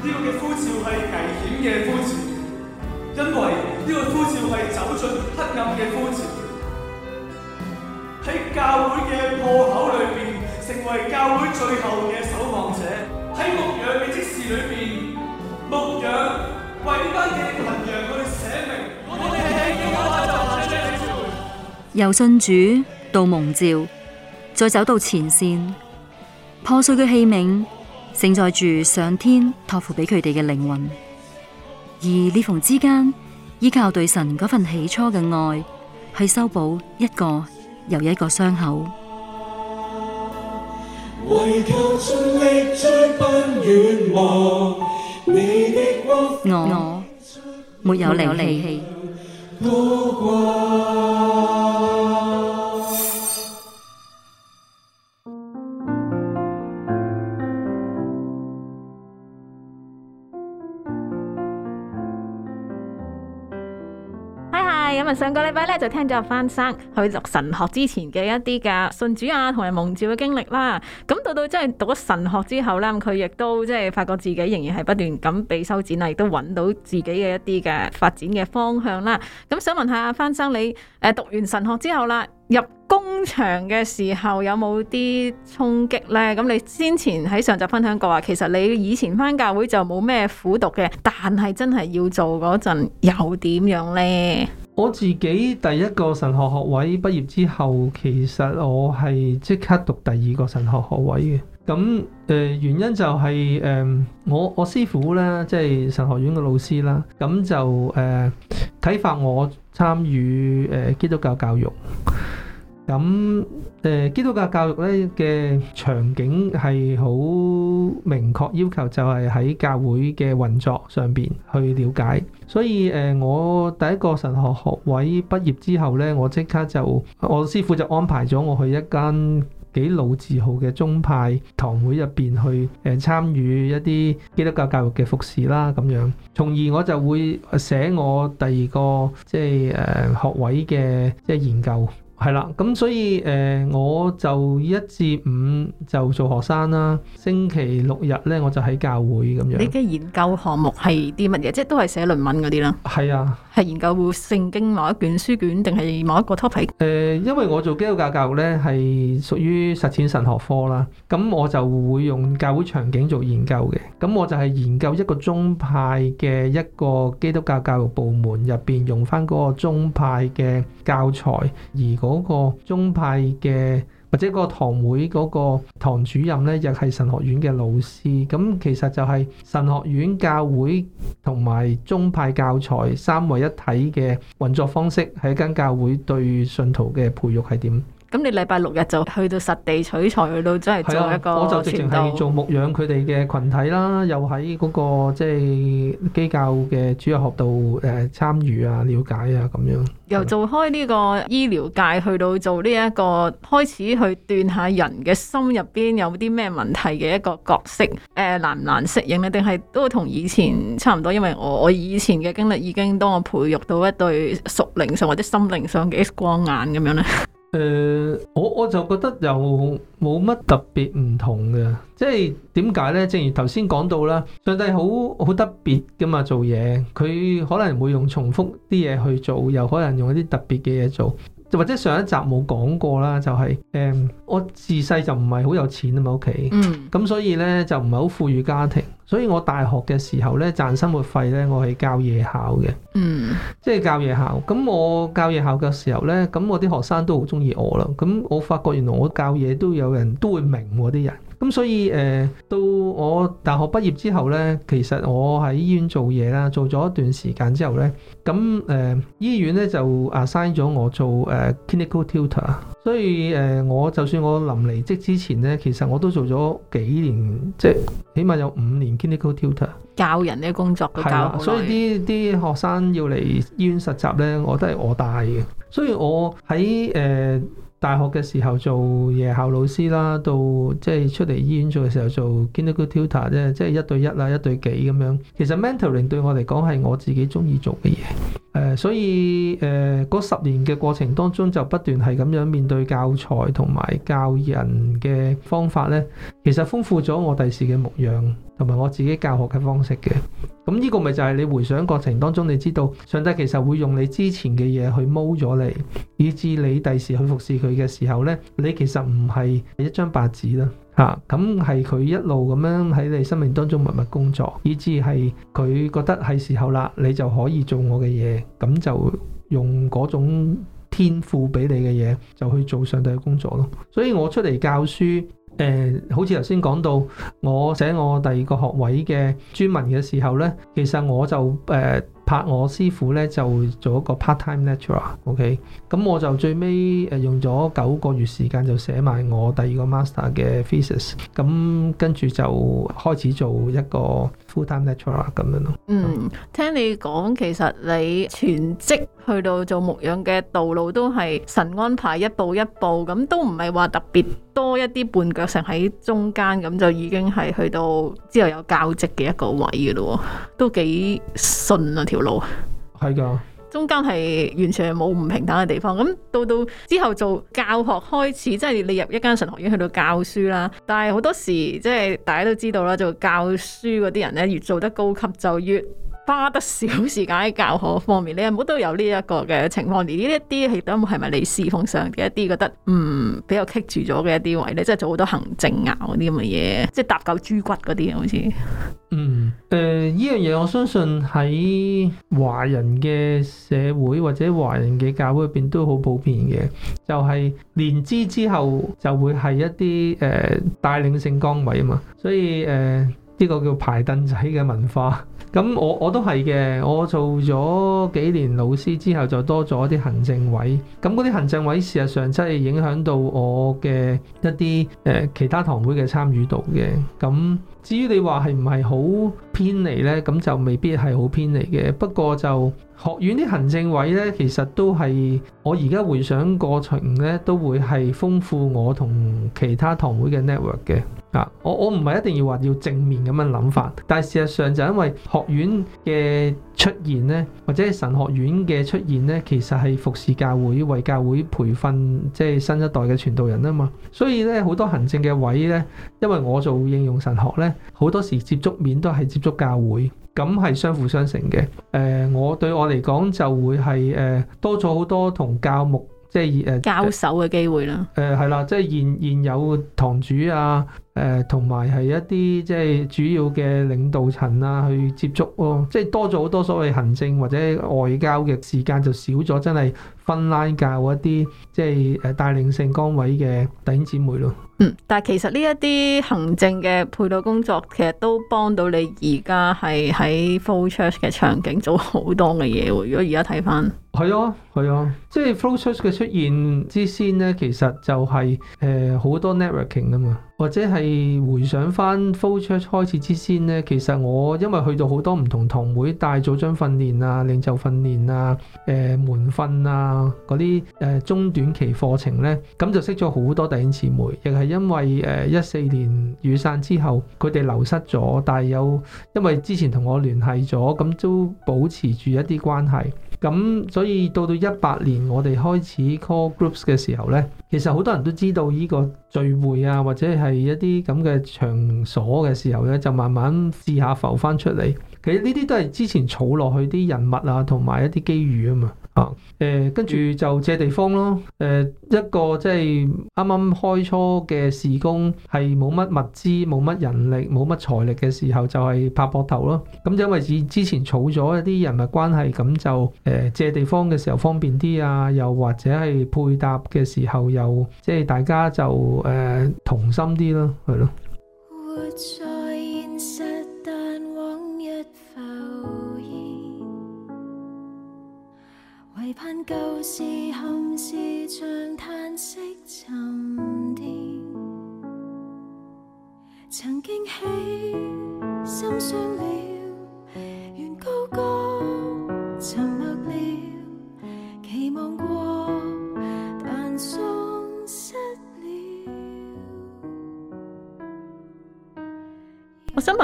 呢個嘅呼召係危險嘅呼召，因為呢個呼召係走進黑暗嘅呼召，喺教會嘅破口裏邊，成為教會最後嘅守望者，喺牧養嘅職事裏邊，牧養為緊嘅群羊去寫明。由信主到蒙召，再走到前線，破碎嘅器皿。承載住上天託付俾佢哋嘅靈魂，而裂縫之間，依靠對神嗰份起初嘅愛，去修補一個又一個傷口。力追望你我我沒有離棄。上個禮拜咧就聽咗阿翻生，去讀神學之前嘅一啲嘅信主啊，同埋蒙召嘅經歷啦。咁到到真係讀咗神學之後咧，佢亦都即係發覺自己仍然係不斷咁被修剪啦，亦都搵到自己嘅一啲嘅發展嘅方向啦。咁想問下阿翻生，你誒讀完神學之後啦，入工場嘅時候有冇啲衝擊咧？咁你先前喺上集分享過話，其實你以前翻教會就冇咩苦讀嘅，但係真係要做嗰陣又點樣咧？我自己第一個神學學位畢業之後，其實我係即刻讀第二個神學學位嘅。咁誒、呃、原因就係、是、誒、呃、我我師父咧，即係神學院嘅老師啦。咁就誒啟發我參與誒基督教教育。咁誒基督教教育咧嘅場景係好明確要求，就係喺教會嘅運作上邊去了解。所以誒，我第一個神學學位畢業之後咧，我即刻就我師傅就安排咗我去一間幾老字號嘅宗派堂會入邊去誒參與一啲基督教教育嘅服侍啦咁樣，從而我就會寫我第二個即係誒學位嘅即係研究。係啦，咁所以誒，我就一至五就做學生啦，星期六日咧我就喺教會咁樣。你嘅研究項目係啲乜嘢？即係都係寫論文嗰啲啦。係啊，係研究聖經某一卷書卷，定係某一個 topic？誒，因為我做基督教教育咧，係屬於實踐神學科啦，咁我就會用教會場景做研究嘅。咁我就係研究一個宗派嘅一個基督教教育部門入邊，用翻嗰個宗派嘅教材而個。嗰個宗派嘅或者個堂會嗰個堂主任咧，亦係神學院嘅老師，咁其實就係神學院教會同埋宗派教材三位一體嘅運作方式，喺一間教會對信徒嘅培育係點。咁你禮拜六日就去到實地取材，去到真係做一個傳道，我就直情係做牧養佢哋嘅群體啦，又喺嗰、那個即係、就是、機構嘅主要學度誒參與啊、了解啊咁樣。由做開呢個醫療界，去到做呢一個開始去斷下人嘅心入邊有啲咩問題嘅一個角色，誒、呃、難唔難適應咧？定係都同以前差唔多？因為我我以前嘅經歷已經當我培育到一對屬靈上或者心靈上嘅 X 光眼咁樣咧。 誒、呃，我我就覺得又冇乜特別唔同嘅。即係點解呢？正如頭先講到啦，上帝好好特別噶嘛，做嘢佢可能會用重複啲嘢去做，又可能用一啲特別嘅嘢做。就或者上一集冇講過啦，就係、是、誒、嗯，我自細就唔係好有錢啊嘛，屋企，咁所以咧就唔係好富裕家庭，所以我大學嘅時候咧，賺生活費咧，我係教夜校嘅，嗯、即係教夜校。咁我教夜校嘅時候咧，咁我啲學生都好中意我啦。咁我發覺原來我教嘢都有人都會明喎啲、啊、人。咁所以誒、呃，到我大學畢業之後呢，其實我喺醫院做嘢啦，做咗一段時間之後呢，咁、呃、誒醫院呢就 assign 咗我做誒 clinical tutor。所以誒，我就算我臨離職之前呢，其實我都做咗幾年，即係起碼有五年 clinical tutor。教人啲工作都教。係啦，所以啲啲學生要嚟醫院實習呢，我都係我帶嘅。所以我喺誒。呃大學嘅時候做夜校老師啦，到即係出嚟醫院做嘅時候做 k individual tutor 啫，即係一對一啦，一對幾咁樣。其實 mentoring 對我嚟講係我自己中意做嘅嘢。誒，所以誒嗰、呃、十年嘅過程當中，就不斷係咁樣面對教材同埋教人嘅方法咧，其實豐富咗我第時嘅牧養同埋我自己教學嘅方式嘅。咁、嗯、呢、這個咪就係你回想過程當中，你知道上帝其實會用你之前嘅嘢去踎咗你，以至你第時去服侍佢嘅時候咧，你其實唔係一張白紙啦。啊，咁係佢一路咁樣喺你生命當中默默工作，以至係佢覺得係時候啦，你就可以做我嘅嘢，咁就用嗰種天賦俾你嘅嘢，就去做上帝嘅工作咯。所以我出嚟教書，誒、呃，好似頭先講到我寫我第二個學位嘅專文嘅時候呢，其實我就誒。呃拍我師傅咧，就做一個 part time lecturer，OK，咁我就最尾，誒用咗九個月時間就寫埋我第二個 master 嘅 thesis，咁跟住就開始做一個 full time lecturer 咁樣咯。嗯，樣聽你講，其實你全職去到做牧養嘅道路都係神安排，一步一步咁都唔係話特別多一啲半腳成喺中間，咁就已經係去到之後有教職嘅一個位嘅咯喎，都幾順啊條。路噶，係中間係完全冇唔平坦嘅地方。咁到到之後做教學開始，即係你入一間神學院去到教書啦。但係好多時，即係大家都知道啦，做教書嗰啲人咧，越做得高級就越花得少時間喺教學方面，你有冇都有呢一個嘅情況？而呢一啲係咁係咪你侍奉上嘅一啲覺得嗯比較棘住咗嘅一啲位咧，即係做好多行政啊嗰啲咁嘅嘢，即係搭狗豬骨嗰啲好似嗯誒呢樣嘢，呃、我相信喺華人嘅社會或者華人嘅教會入邊都好普遍嘅，就係年資之後就會係一啲誒帶領性崗位啊嘛，所以誒呢、呃這個叫排凳仔嘅文化。咁我我都係嘅，我做咗幾年老師之後，就多咗啲行政位。咁嗰啲行政位事實上真係影響到我嘅一啲誒、呃、其他堂會嘅參與度嘅。咁至於你話係唔係好偏離呢？咁就未必係好偏離嘅。不過就學院啲行政位呢，其實都係我而家回想過程呢，都會係豐富我同其他堂會嘅 network 嘅。啊！我我唔係一定要話要正面咁樣諗法，但係事實上就因為學院嘅出現呢，或者係神學院嘅出現呢，其實係服侍教會、為教會培訓即係新一代嘅傳道人啊嘛。所以咧，好多行政嘅位呢，因為我做應用神學呢，好多時接觸面都係接觸教會，咁係相輔相成嘅。誒、呃，我對我嚟講就會係誒、呃、多咗好多同教牧即係誒交手嘅機會啦。誒係啦，即係、就是、現現有堂主啊。誒同埋係一啲即係主要嘅領導層啊，去接觸咯，即係多咗好多所謂行政或者外交嘅時間就少咗，真係分攤教一啲即係誒帶領性崗位嘅弟兄姊妹咯。嗯，但係其實呢一啲行政嘅配套工作，其實都幫到你而家係喺 flow church 嘅場景做好多嘅嘢喎。如果而家睇翻，係啊係啊，即係 flow church 嘅出現之先咧，其實就係誒好多 networking 啊嘛。或者係回想翻 flow church 開始之前咧，其實我因為去到好多唔同堂會大組長訓練啊、領袖訓練啊、誒、呃、門訓啊嗰啲誒中短期課程咧，咁就識咗好多弟兄姊妹。亦係因為誒一四年雨傘之後，佢哋流失咗，但係有因為之前同我聯繫咗，咁都保持住一啲關係。咁所以到到一八年我哋開始 Call Groups 嘅時候咧，其實好多人都知道呢個聚會啊，或者係。係一啲咁嘅場所嘅時候咧，就慢慢試下浮翻出嚟。其實呢啲都係之前儲落去啲人物啊，同埋一啲機遇啊嘛。啊，誒，跟住就借地方咯，誒，一個即係啱啱開初嘅事工係冇乜物資、冇乜人力、冇乜財力嘅時候，就係拍膊頭咯。咁就因為之之前儲咗一啲人脈關係，咁就誒借地方嘅時候方便啲啊，又或者係配搭嘅時候又即係大家就誒同心啲咯，係咯。舊時憾事，像嘆息。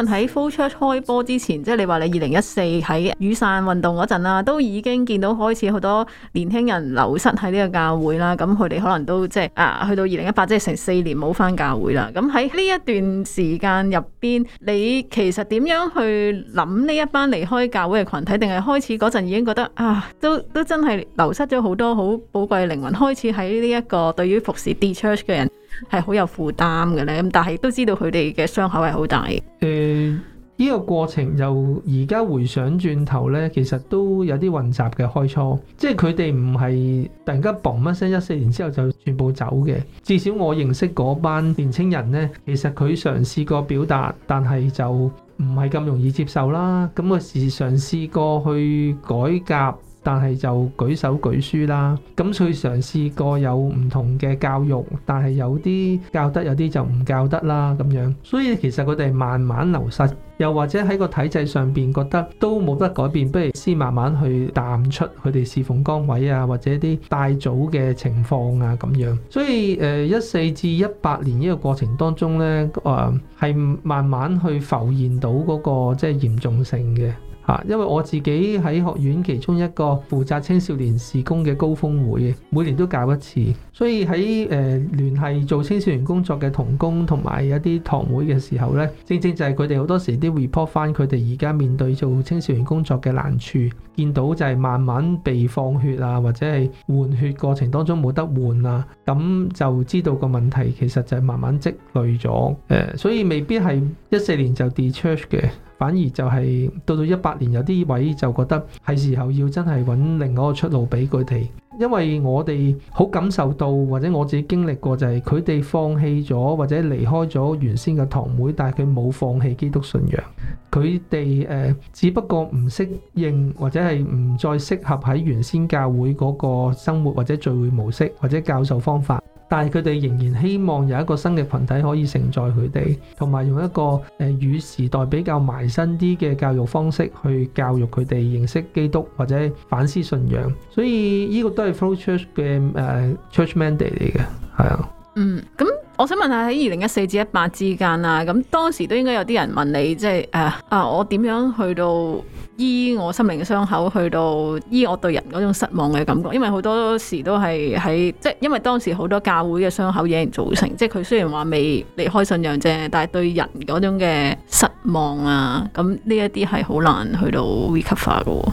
喺 flow church 開波之前，即係你話你二零一四喺雨傘運動嗰陣啦，都已經見到開始好多年輕人流失喺呢個教會啦。咁佢哋可能都即係啊，去到二零一八即係成四年冇翻教會啦。咁喺呢一段時間入邊，你其實點樣去諗呢一班離開教會嘅群體？定係開始嗰陣已經覺得啊，都都真係流失咗好多好寶貴靈魂，開始喺呢一個對於服侍 d church 嘅人。係好有負擔嘅咧，咁但係都知道佢哋嘅傷口係好大。誒、呃、呢、這個過程又而家回想轉頭呢，其實都有啲混雜嘅開初，即係佢哋唔係突然間嘣一聲一四年之後就全部走嘅。至少我認識嗰班年青人呢，其實佢嘗試過表達，但係就唔係咁容易接受啦。咁啊，試嘗試過去改革。但係就舉手舉書啦，咁所以嘗試過有唔同嘅教育，但係有啲教得，有啲就唔教得啦咁樣。所以其實佢哋慢慢流失，又或者喺個體制上邊覺得都冇得改變，不如先慢慢去淡出佢哋侍奉崗位啊，或者啲大組嘅情況啊咁樣。所以誒，一四至一八年呢個過程當中呢，誒、呃、係慢慢去浮現到嗰、那個即係嚴重性嘅。嚇，因為我自己喺學院其中一個負責青少年事工嘅高峰會，每年都搞一次，所以喺誒聯繫做青少年工作嘅同工同埋一啲堂會嘅時候咧，正正就係佢哋好多時啲 report 翻佢哋而家面對做青少年工作嘅難處，見到就係慢慢被放血啊，或者係換血過程當中冇得換啊，咁就知道個問題其實就係慢慢積累咗，誒、呃，所以未必係一四年就 de-church 嘅。反而就係到到一八年，有啲位就覺得係時候要真係揾另外一個出路俾佢哋，因為我哋好感受到或者我自己經歷過就係佢哋放棄咗或者離開咗原先嘅堂會，但係佢冇放棄基督信仰。佢哋誒、只不過唔適應或者係唔再適合喺原先教會嗰個生活或者聚會模式或者教授方法。但係佢哋仍然希望有一個新嘅群體可以承載佢哋，同埋用一個誒與時代比較埋身啲嘅教育方式去教育佢哋認識基督或者反思信仰，所以呢、呢個都係 flow church 嘅誒、uh, Church Mandate 嚟嘅，係啊。嗯，咁我想問下喺二零一四至一八之間啊，咁當時都應該有啲人問你，即係誒誒，我點樣去到醫我心靈嘅傷口，去到醫我對人嗰種失望嘅感覺？因為好多時都係喺即係，因為當時好多教會嘅傷口已經造成，即係佢雖然話未離開信仰啫，但係對人嗰種嘅失望啊，咁呢一啲係好難去到 recover 噶。誒、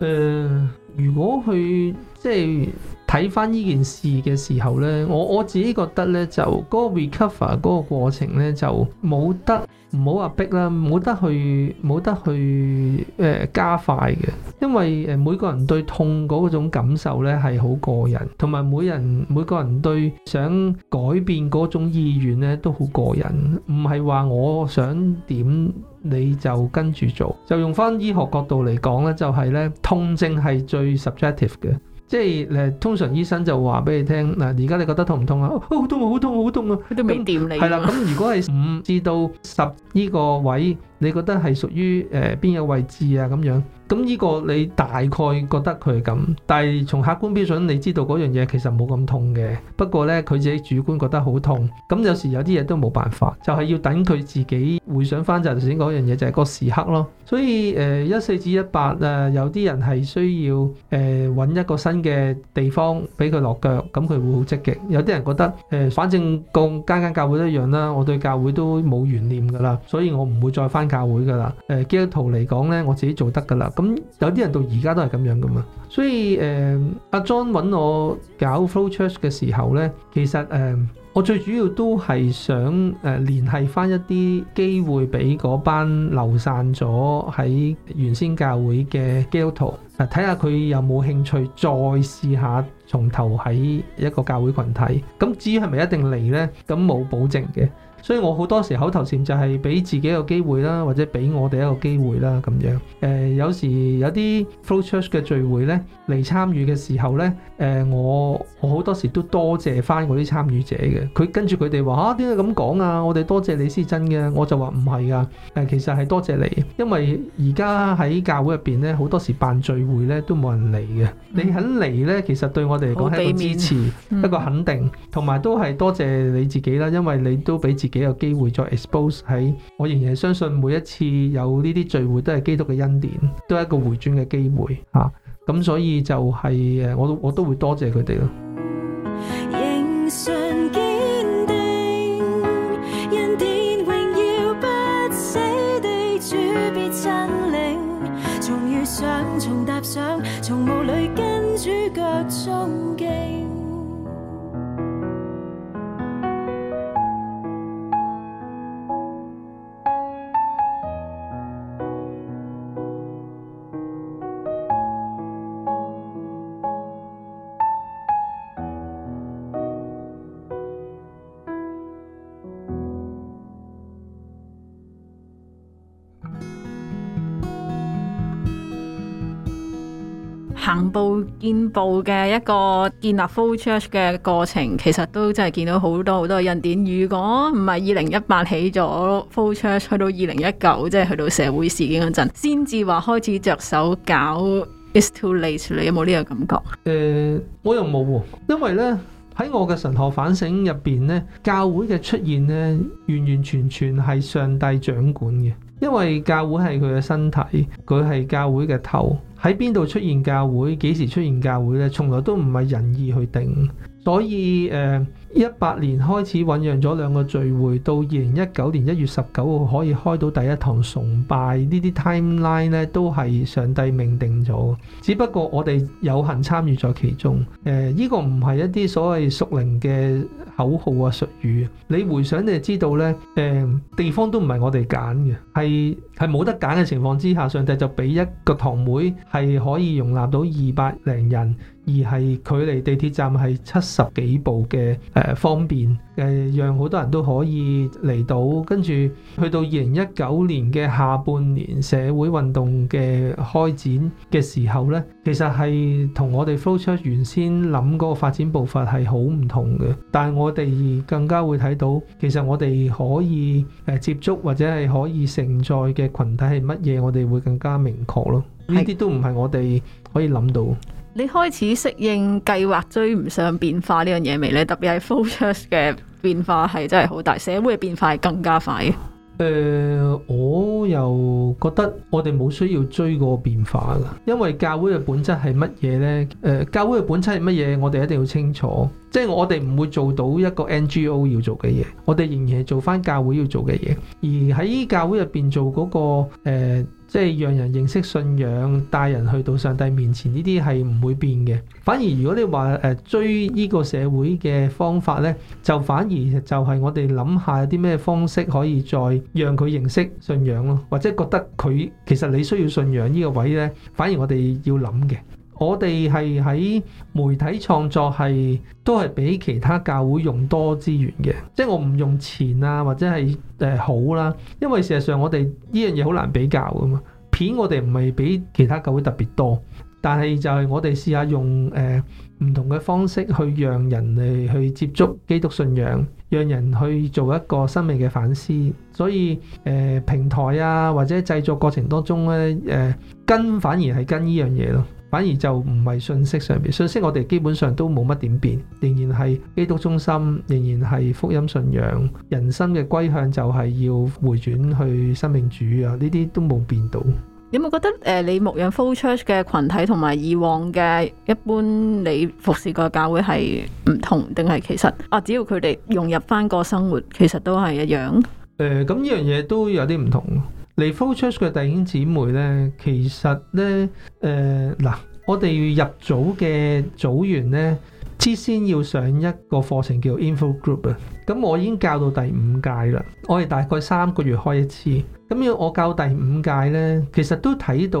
呃，如果去即係。睇翻呢件事嘅時候呢，我我自己覺得呢，就嗰個 recover 嗰個過程呢，就冇得唔好話逼啦，冇得去冇得去誒、呃、加快嘅，因為誒每個人對痛嗰種感受呢係好個人，同埋每人每個人對想改變嗰種意願呢都好個人，唔係話我想點你就跟住做。就用翻醫學角度嚟講呢，就係、是、呢，痛症係最 subjective 嘅。即係誒，通常醫生就話俾你聽嗱，而家你覺得痛唔痛啊？哦，好痛啊！好痛啊！好痛啊！佢都未點你㗎。係啦， 咁如果係五至到十呢個位。你覺得係屬於誒邊個位置啊？咁樣咁呢個你大概覺得佢係咁，但係從客觀標準，你知道嗰樣嘢其實冇咁痛嘅。不過呢，佢自己主觀覺得好痛。咁有時有啲嘢都冇辦法，就係、是、要等佢自己回想返就頭先講一樣嘢，就係、是就是、個時刻咯。所以誒一四至一八啊，有啲人係需要誒揾、呃、一個新嘅地方俾佢落腳，咁佢會好積極。有啲人覺得誒、呃，反正個間間教會都一樣啦，我對教會都冇懸念噶啦，所以我唔會再返。教會噶啦，誒基督徒嚟講咧，我自己做得噶啦。咁有啲人到而家都係咁樣噶嘛。所以誒，阿 John 揾我搞 Flow Church 嘅時候咧，其實誒，我最主要都係想誒聯繫翻一啲機會俾嗰班流散咗喺原先教會嘅基督徒，睇下佢有冇興趣再試下從頭喺一個教會群體。咁至於係咪一定嚟呢？咁冇保證嘅。所以我好多時口頭禪就係俾自己一個機會啦，或者俾我哋一個機會啦咁樣。誒、呃，有時有啲 flow church 嘅聚會咧嚟參與嘅時候呢，誒、呃、我我好多時都多謝翻嗰啲參與者嘅。佢跟住佢哋話嚇，點解咁講啊？我哋多謝你先真嘅。我就話唔係噶，誒、呃、其實係多謝你，因為而家喺教會入邊呢，好多時辦聚會呢都冇人嚟嘅。嗯、你肯嚟呢，其實對我哋嚟講係一個支持，嗯、一個肯定，同埋都係多謝你自己啦，因為你都俾自己。有機會再 expose 喺，我仍然相信每一次有呢啲聚會都係基督嘅恩典，都係一個回轉嘅機會嚇。咁所以就係、是、誒，我都我都會多謝佢哋咯。行步見步嘅一個建立 flow church 嘅過程，其實都真係見到好多好多恩典，如果唔係二零一八起咗 flow church，去到二零一九，即係去到社會事件嗰陣，先至話開始着手搞 is too late，你有冇呢個感覺？誒、呃，我又冇，因為呢喺我嘅神學反省入邊呢，教會嘅出現呢，完完全全係上帝掌管嘅。因為教會係佢嘅身體，佢係教會嘅頭。喺邊度出現教會，幾時出現教會咧？從來都唔係人意去定，所以誒。呃一八年開始醖釀咗兩個聚會，到二零一九年一月十九號可以開到第一堂崇拜，呢啲 timeline 咧都係上帝命定咗。只不過我哋有幸參與在其中。誒、呃，呢、這個唔係一啲所謂屬靈嘅口號啊、術語。你回想你就知道咧，誒、呃、地方都唔係我哋揀嘅，係係冇得揀嘅情況之下，上帝就俾一個堂會係可以容納到二百零人。而係距離地鐵站係七十幾步嘅誒方便，誒讓好多人都可以嚟到。跟住去到二零一九年嘅下半年社會運動嘅開展嘅時候呢，其實係同我哋 flow church 原先諗嗰個發展步伐係好唔同嘅。但係我哋更加會睇到，其實我哋可以誒接觸或者係可以承載嘅羣體係乜嘢，我哋會更加明確咯。呢啲都唔係我哋可以諗到。你開始適應計劃追唔上變化呢樣嘢未呢？特別係 flow church 嘅變化係真係好大，社會嘅變化係更加快嘅、呃。我又覺得我哋冇需要追嗰個變化噶，因為教會嘅本質係乜嘢呢？誒、呃，教會嘅本質係乜嘢？我哋一定要清楚，即係我哋唔會做到一個 NGO 要做嘅嘢，我哋仍然係做翻教會要做嘅嘢，而喺教會入邊做嗰個、呃即係讓人認識信仰，帶人去到上帝面前，呢啲係唔會變嘅。反而如果你話誒追呢個社會嘅方法咧，就反而就係我哋諗下有啲咩方式可以再讓佢認識信仰囉，或者覺得佢其實你需要信仰呢個位咧，反而我哋要諗嘅。我哋係喺媒體創作，係都係比其他教會用多資源嘅，即係我唔用錢啊，或者係誒好啦，因為事實上我哋呢樣嘢好難比較㗎嘛。片我哋唔係比其他教會特別多，但係就係我哋試下用誒唔同嘅方式去讓人嚟去接觸基督信仰，讓人去做一個生命嘅反思。所以誒平台啊，或者製作過程當中咧誒跟反而係跟呢樣嘢咯。反而就唔係信息上面，信息我哋基本上都冇乜點變，仍然係基督中心，仍然係福音信仰，人生嘅歸向就係要回轉去生命主啊，呢啲都冇變到。有冇覺得誒，你牧養 flow church 嘅群體同埋以往嘅一般你服侍個教會係唔同，定係其實啊，只要佢哋融入翻個生活，其實都係一樣。誒，咁呢樣嘢都有啲唔同。嚟 Photos 嘅弟兄姊妹咧，其實咧，誒嗱，我哋入組嘅組員咧，之先要上一個課程叫 Info Group 啊。咁我已經教到第五屆啦，我哋大概三個月開一次。咁要我教第五屆咧，其實都睇到誒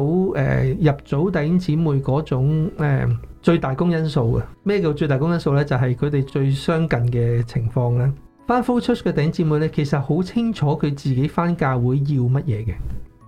入組弟兄姊妹嗰種誒最大公因數啊。咩叫最大公因數咧？就係佢哋最相近嘅情況咧。翻 flow church 嘅弟兄姊妹咧，其實好清楚佢自己翻教會要乜嘢嘅，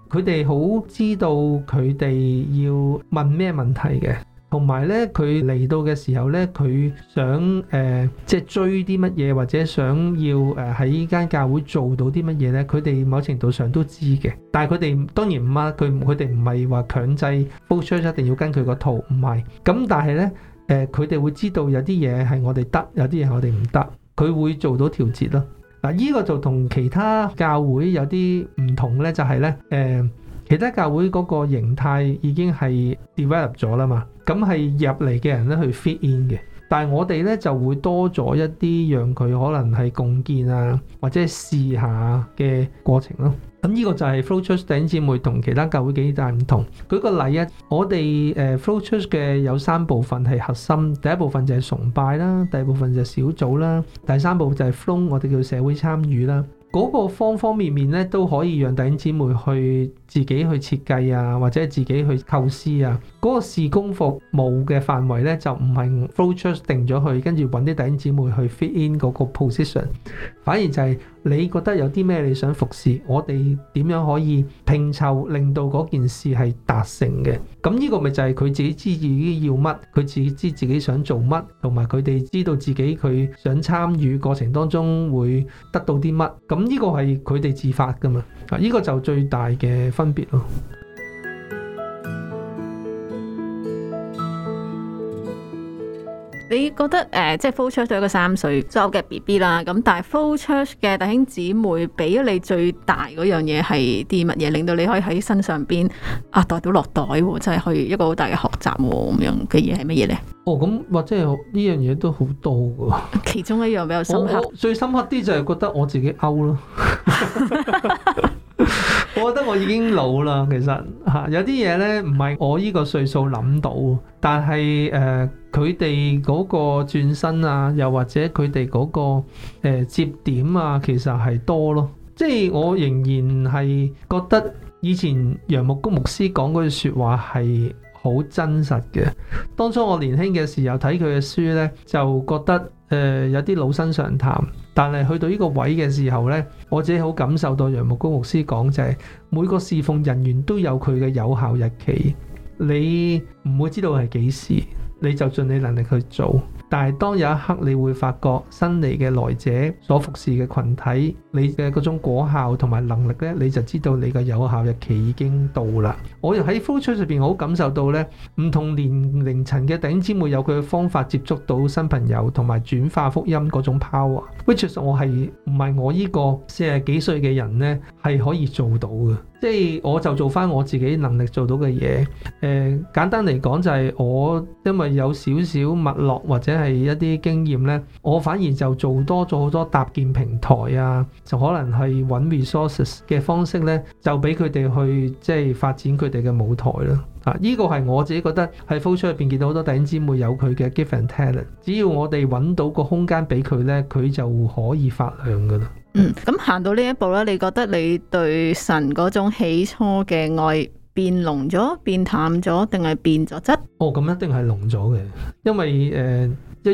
佢哋好知道佢哋要問咩問題嘅，同埋咧，佢嚟到嘅時候咧，佢想誒即係追啲乜嘢，或者想要誒喺呢間教會做到啲乜嘢咧，佢哋某程度上都知嘅。但係佢哋當然唔啊，佢，佢哋唔係話強制 flow church 一定要跟佢個套，唔係咁，但係咧，誒，佢哋會知道有啲嘢係我哋得，有啲嘢我哋唔得。佢會做到調節咯。嗱，呢個就同其他教會有啲唔同咧，就係、是、咧，誒、呃，其他教會嗰個形態已經係 develop 咗啦嘛，咁係入嚟嘅人咧去 fit in 嘅。但係我哋咧就會多咗一啲讓佢可能係共建啊，或者試下嘅過程咯，啊。咁，嗯，呢，呢個就係 flow church 弟兄姊妹同其他教會幾大唔同。舉個例啊，我哋誒 flow church 嘅有三部分係核心，第一部分就係崇拜啦，第二部分就係小組啦，第三部就係 flow，我哋叫社會參與啦。嗰個方方面面咧，都可以讓弟兄姊妹去自己去設計啊，或者自己去構思啊。嗰、那個事工服務嘅範圍咧，就唔係 future 定咗去，跟住揾啲弟兄姊妹去 fit in 嗰個 position，反而就係、是。你覺得有啲咩你想服侍？我哋點樣可以拼湊令到嗰件事係達成嘅？咁呢個咪就係佢自己知自己要乜，佢自己知自己想做乜，同埋佢哋知道自己佢想參與過程當中會得到啲乜。咁呢個係佢哋自發㗎嘛？啊，呢個就最大嘅分別咯。你覺得誒、呃，即係 flow church 咗個三歲之後嘅 BB 啦，咁但係 flow church 嘅弟兄姊妹俾咗你最大嗰樣嘢係啲乜嘢，令到你可以喺身上邊啊代表落袋喎，即係去一個好大嘅學習喎、啊、咁樣嘅嘢係乜嘢咧？哦，咁或者呢樣嘢都好多嘅。其中一樣比較深刻，最深刻啲就係覺得我自己勾咯。 我覺得我已經老啦，其實吓有啲嘢咧，唔係我依個歲數諗到，但係誒佢哋嗰個轉身啊，又或者佢哋嗰個誒節、呃、點啊，其實係多咯。即係我仍然係覺得以前楊牧公牧師講句說話係好真實嘅。當初我年輕嘅時候睇佢嘅書咧，就覺得。誒、呃，有啲老生常談，但係去到呢個位嘅時候呢，我自己好感受到楊木高牧師講就係、是、每個侍奉人員都有佢嘅有效日期，你唔會知道係幾時，你就盡你能力去做。但係當有一刻你會發覺新嚟嘅來者所服侍嘅群體，你嘅嗰種果效同埋能力咧，你就知道你嘅有效日期已經到啦。我又喺呼 h o t 上邊好感受到咧，唔同年齡層嘅弟兄姊妹有佢嘅方法接觸到新朋友同埋轉化福音嗰種 power which is, which 其實我係唔係我呢個四十幾歲嘅人咧係可以做到嘅，即、就、係、是、我就做翻我自己能力做到嘅嘢。誒、呃，簡單嚟講就係我因為有少少脈絡或者係一啲經驗呢，我反而就做多咗好多搭建平台啊，就可能係揾 resources 嘅方式呢，就俾佢哋去即係發展佢哋嘅舞台啦。啊，呢個係我自己覺得喺 flow church 入邊見到好多弟兄姊妹有佢嘅 gift and talent，只要我哋揾到個空間俾佢呢，佢就可以發亮噶啦。嗯，咁行到呢一步呢，你覺得你對神嗰種起初嘅愛變濃咗、變淡咗，定係變咗質？哦，咁一定係濃咗嘅，因為誒。呃一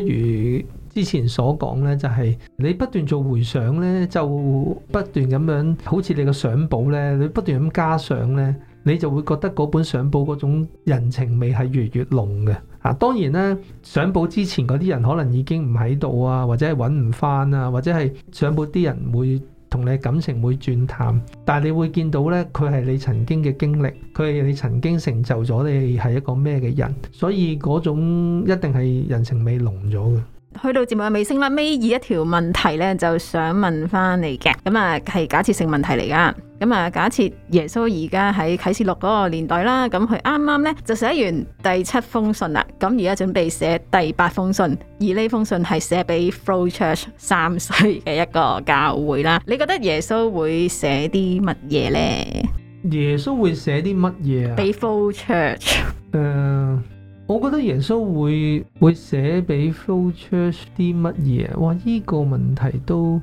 如之前所講咧，就係你不斷做回想咧，就不斷咁樣好似你個相簿咧，你不斷咁加上咧，你就會覺得嗰本相簿嗰種人情味係越嚟越濃嘅。啊，當然咧，相簿之前嗰啲人可能已經唔喺度啊，或者係揾唔翻啊，或者係相簿啲人會同你感情會轉淡，但係你會見到咧，佢係你曾經嘅經歷，佢係你曾經成就咗你係一個咩嘅人，所以嗰種一定係人情味濃咗嘅。去到節目嘅尾聲啦，尾二一條問題咧，就想問翻你嘅，咁啊係假設性問題嚟噶，咁啊假設耶穌而家喺啟示錄嗰個年代啦，咁佢啱啱咧就寫完第七封信啦，咁而家準備寫第八封信，而呢封信係寫俾 Flow Church 三歲嘅一個教會啦，你覺得耶穌會寫啲乜嘢咧？耶穌會寫啲乜嘢啊？俾 Flow Church、uh。嗯。我覺得耶穌會會寫俾 Flow Church 啲乜嘢？哇！呢、這個問題都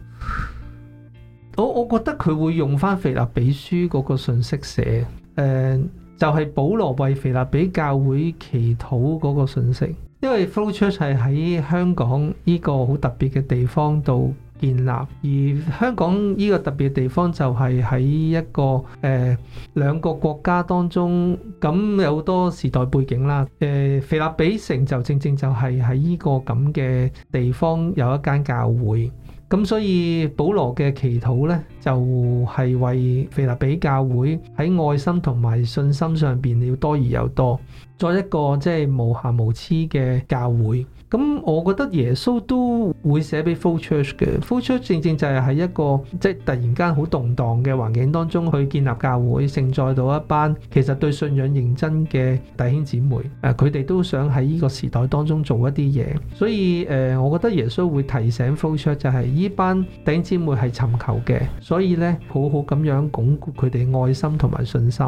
我我覺得佢會用翻腓立比書嗰個信息寫誒、呃，就係、是、保羅為腓立比教會祈禱嗰個信息。因為 Flow Church 係喺香港呢個好特別嘅地方度，建立，而香港依個特別地方就係喺一個誒、兩個國家當中，咁有好多時代背景啦。誒，腓立比城就正正就係喺依個咁嘅地方有一間教會，咁所以保羅嘅祈禱咧，就係為腓立比教會喺愛心同埋信心上邊要多而又多。再一個即係無瑕無疵嘅教會，咁我覺得耶穌都會寫俾 flow church 嘅。flow church 正正就係喺一個即係、就是、突然間好動盪嘅環境當中去建立教會，盛載到一班其實對信仰認真嘅弟兄姊妹。誒、啊，佢哋都想喺呢個時代當中做一啲嘢，所以誒、呃，我覺得耶穌會提醒 flow church 就係呢班弟兄姊妹係尋求嘅，所以咧好好咁樣鞏固佢哋愛心同埋信心。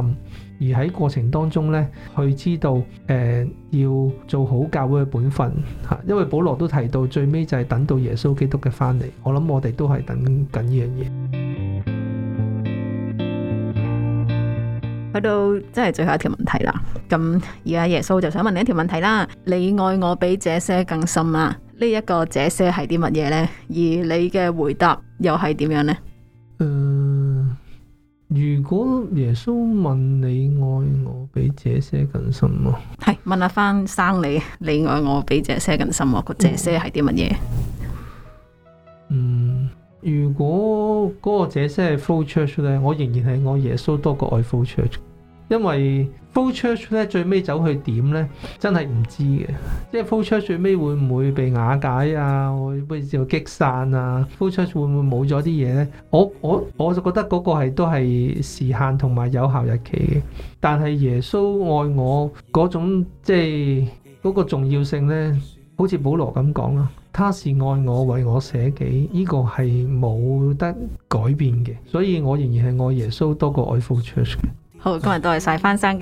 而喺過程當中呢，去知道誒，要做好教會嘅本分吓，因為保羅都提到最尾就係等到耶穌基督嘅翻嚟。我諗我哋都係等緊呢樣嘢。去到即係最後一條問題啦。咁而家耶穌就想問你一條問題啦：你愛我比這些更深呀？呢一個這些係啲乜嘢呢？而你嘅回答又係點樣呢？如果耶穌問你愛我，我比這些更深麼？係問下翻生你，你愛我，我比這些更深麼？覺得這些係啲乜嘢？嗯，如果嗰個這些係 full church 咧，我仍然係愛耶穌多過愛 full church。因為 full church 咧，最尾走去點咧，真係唔知嘅。即係 full church 最尾會唔會被瓦解啊？會唔會就激散啊？full church 會唔會冇咗啲嘢咧？我我我就覺得嗰個係都係時限同埋有效日期嘅。但係耶穌愛我嗰種即係嗰個重要性咧，好似保羅咁講啊，他是愛我為我捨己，呢個係冇得改變嘅。所以我仍然係愛耶穌多過愛 full church 嘅。好，今日多謝晒翻生。